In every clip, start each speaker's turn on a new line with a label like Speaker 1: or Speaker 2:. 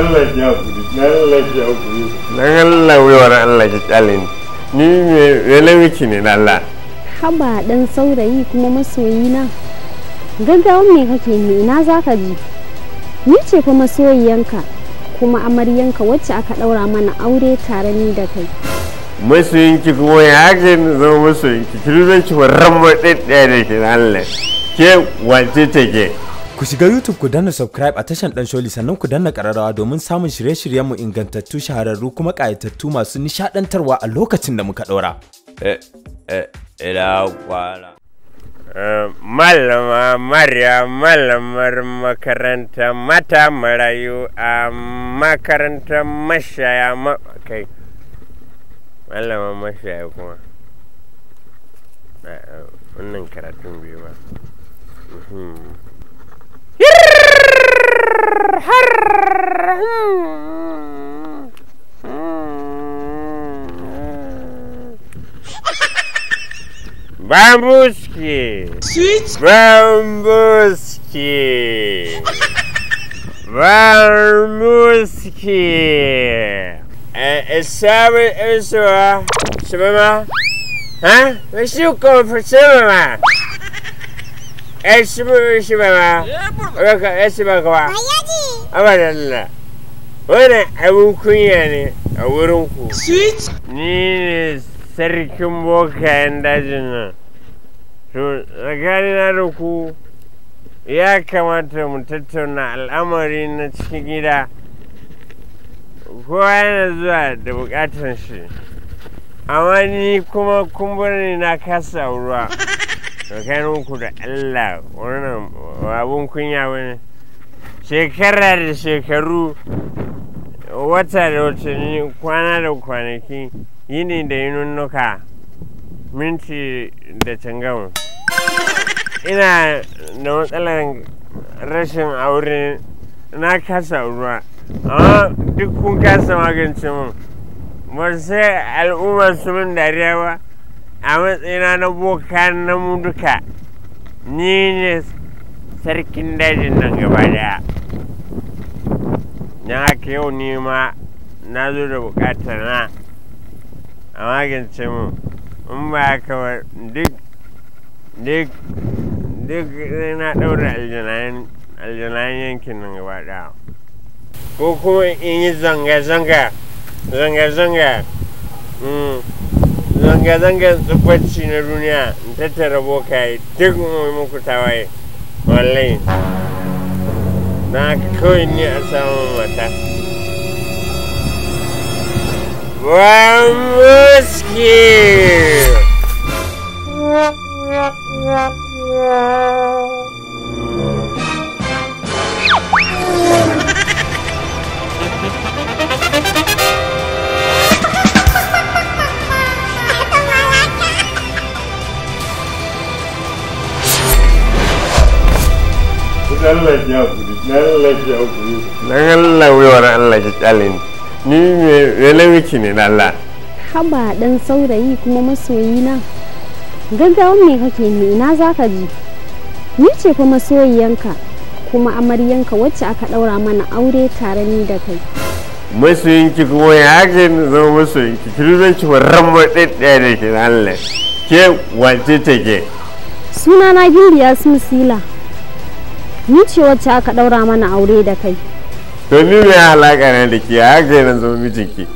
Speaker 1: Allah ya kuri Allah ya kuri dan Allah ni ni me lewiki ne da Allah
Speaker 2: haba dan saurayi kuma masoyi na gaggawan me kake ni ina zaka ji ni ce fa masoyiyanka kuma amaryanka wacce aka daura mana aure tare ni da kai
Speaker 1: masoyinki kuma ya haka zama masoyinki ki zan ci warran maɗaɗɗaya da ke Allah ke wace take Ku shiga YouTube ku danna subscribe a tashan Dan Sholi sannan ku danna ƙararrawa domin samun shirye-shiryenmu ingantattu shahararru kuma ƙayatattu masu nishaɗantarwa a lokacin da muka ɗora. Eh, eh, Ila kwana. Eh, malama Marya malamar makaranta mata marayu a makarantar mashaya ma kai. Malama mashaya kuma. Wannan karatun biyu ba. Бамбуски! Бамбуски! Бамбуски! Исабы Исуа. Сумама? А? Вы что, кого Eh, shi ba shi ba ba. Eh, shi ba ka ba. Abadan Wannan abin kunya ne a wurin ku. Ni ne sarkin bokayen dajin nan. To, tsakanina da ku ya kamata mu tattauna al'amari na cikin gida. Kowa yana zuwa da bukatan shi. Amma ni kuma kumburin na kasa ruwa. tsakaninku da allah wannan abun kunya wani shekara da shekaru wata da watanni kwana da kwanaki yini da yinunnuka minti da cangamu ina da matsalar rashin aure na kasa ruwa amma duk kun kasa magance mun ba sai al'ummar su min dariya ba a matsayina na boka na mu duka ni ne sarkin dajin nan gaba daya na haka yau ni ma na zo da bukatar na a magance mu in ba haka duk duk duk na ɗaura aljanayen yankin nan gaba daya ko kuma in yi zanga-zanga zanga-zanga mm, zanga-zangar tsubbaci na duniya in tattara bokaye duk mai muku tawaye wallahi na kawai ne a samun mata Vamos que... Allah ya kuri Allah ya kuri dan Allah waiwar Allah ki ni ni me wele wiki ne na Allah
Speaker 2: haba dan saurayi kuma masoyi na gaggawan me kake ne ina zaka ji ni ce kuma masoyiyanka kuma amaryanka wacce aka daura mana aure tare ni da kai
Speaker 1: masoyinki kuma ya ake zama masoyinki ki zan ramar warran ɗaya da ke Allah ke wace take
Speaker 2: suna na gimbiya sun sila ni ce wacce aka daura mana aure da kai
Speaker 1: to ni me alaka ne da ke haka yana zama mijinki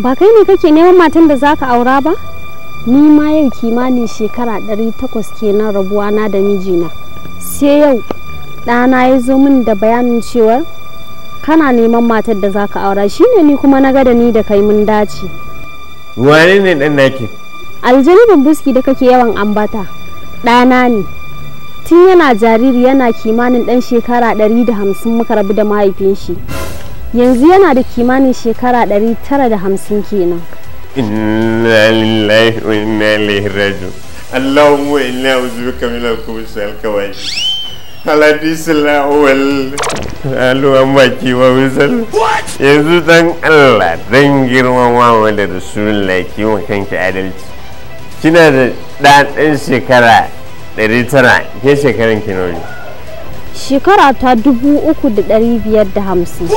Speaker 2: ba kai ne kake neman matan da zaka aura ba ni ma yau kimanin shekara 800 kenan rabuwa na da mijina sai yau ɗana ya zo min da bayanin cewar kana neman matar da zaka aura shine ni kuma na gada ni da kai mun dace
Speaker 1: wane ne ɗan naki
Speaker 2: aljani buski da kake yawan ambata ɗana ne tun yana jariri yana kimanin ɗan shekara 150 muka rabu da mahaifin shi yanzu yana da kimanin shekara 950 kenan
Speaker 1: inna lillahi wa inna ilaihi raji'un allahumma inna a'udhu bika min al-khubuthi wal-khawa'ithi ala disila wal aluwan baki wa misal yanzu dan Allah dan girmama wa da rasulullah kiwon kanki adalci kina da ɗan shekara 900 ke shekaran ki nawa
Speaker 2: shekara ta 3550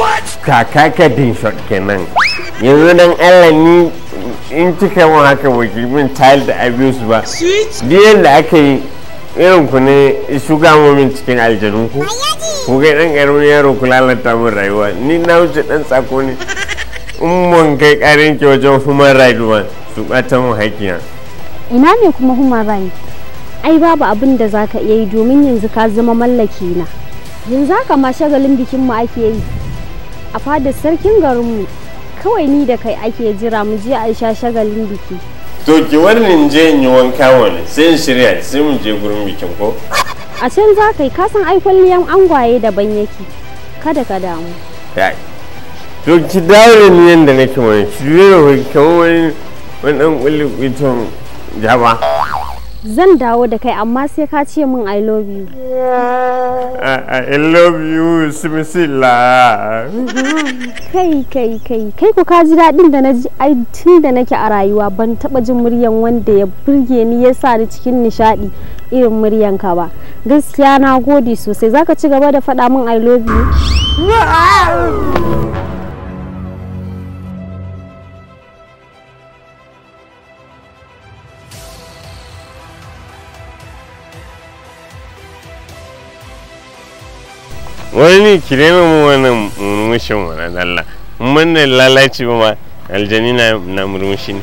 Speaker 1: kaka ka din shot kenan yanzu don Allah ni in cika mun haka baki min child abuse ba biyan da aka yi irin ku ne shuga min cikin aljanun ku ku ga dan karamin yaro ku lalata min rayuwa ni na wuce dan tsako ne in mun kai karin ki wajen human rights su bata mun hakiya
Speaker 2: ina ne kuma human rights ai babu abin da za ka iya yi domin yanzu ka zama mallaki na yanzu haka ma shagalin bikinmu ake yi a fadar sarkin garinmu kawai ni da kai ake jira mu je a sha shagalin biki
Speaker 1: to ki wannan je in yi wanka wani sai in shirya sai mu je gurin bikin ko
Speaker 2: a can za ka yi ka san ai kwalliyan angwaye daban yake kada ka damu
Speaker 1: to ki dawo ni yanda nake wani ki jira wani kamar wani wani dan kulli kuitin jama'a.
Speaker 2: zan dawo da kai amma sai ka ce min i love you
Speaker 1: ah, ah, i love you
Speaker 2: kai kai kai kai ku ka ji daɗin da na ji ai tun da nake a rayuwa ban taɓa jin muryan wanda ya burge ni ya sa ni cikin nishaɗi irin muryan ka ba gaskiya na gode sosai zaka ci gaba da faɗa min i love you ah!
Speaker 1: wani ki daina mu wannan murmushin wani dalla mun da lalaci ba ma aljani na murmushi ne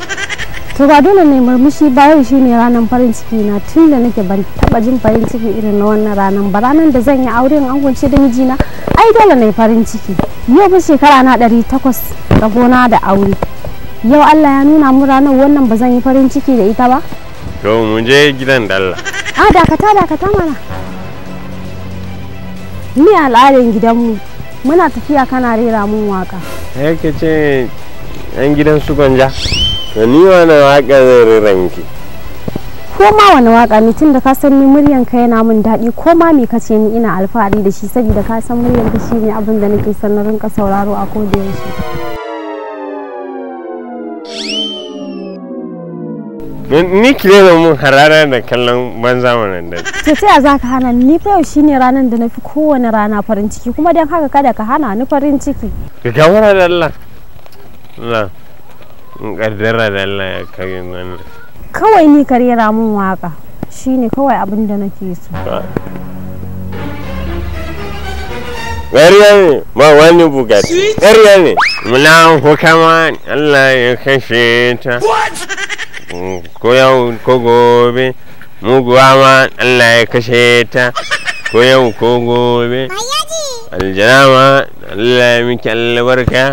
Speaker 2: to ba dole ne murmushi ba yau shine ranar farin ciki na tun da nake ban taba jin farin ciki irin na wannan ranar ba ranar da zan yi auren angunce da mijina ai dole ne farin ciki yau ba shekara na ɗari takwas da gona da aure yau Allah ya nuna mu ranar wannan ba zan yi farin ciki da ita ba
Speaker 1: to mu je gidan dalla
Speaker 2: a ah, dakata dakata mana ni al'adar gidanmu muna tafiya kana rera mun waka
Speaker 1: yake ce yan gidan su gwanja to ni wani waka zai rera
Speaker 2: ko ma wani waka ne tun da ka san ni muryan ka yana min daɗi ko ma me ka ce ni ina alfahari da shi sabida ka san muryan ka shine abin da nake son na rinka sauraro a koda yaushe
Speaker 1: ni ki da mun harara da kallon ban zamanin da
Speaker 2: ce ce za ka hana ni fa yau shine ranar da na fi kowane rana farin ciki kuma don haka kada ka hana ni farin ciki
Speaker 1: ga gawara da Allah na in kaddara da Allah ya kai wannan
Speaker 2: kawai ni ka rera mun waka shine kawai abin da nake so
Speaker 1: ƙarya ne ba wani bugatti. ƙarya ne muna hukama Allah ya kashe ta ko yau ko gobe muguwa ma Allah ya kashe ta ko yau ko gobe aljana ma Allah ya miki albarka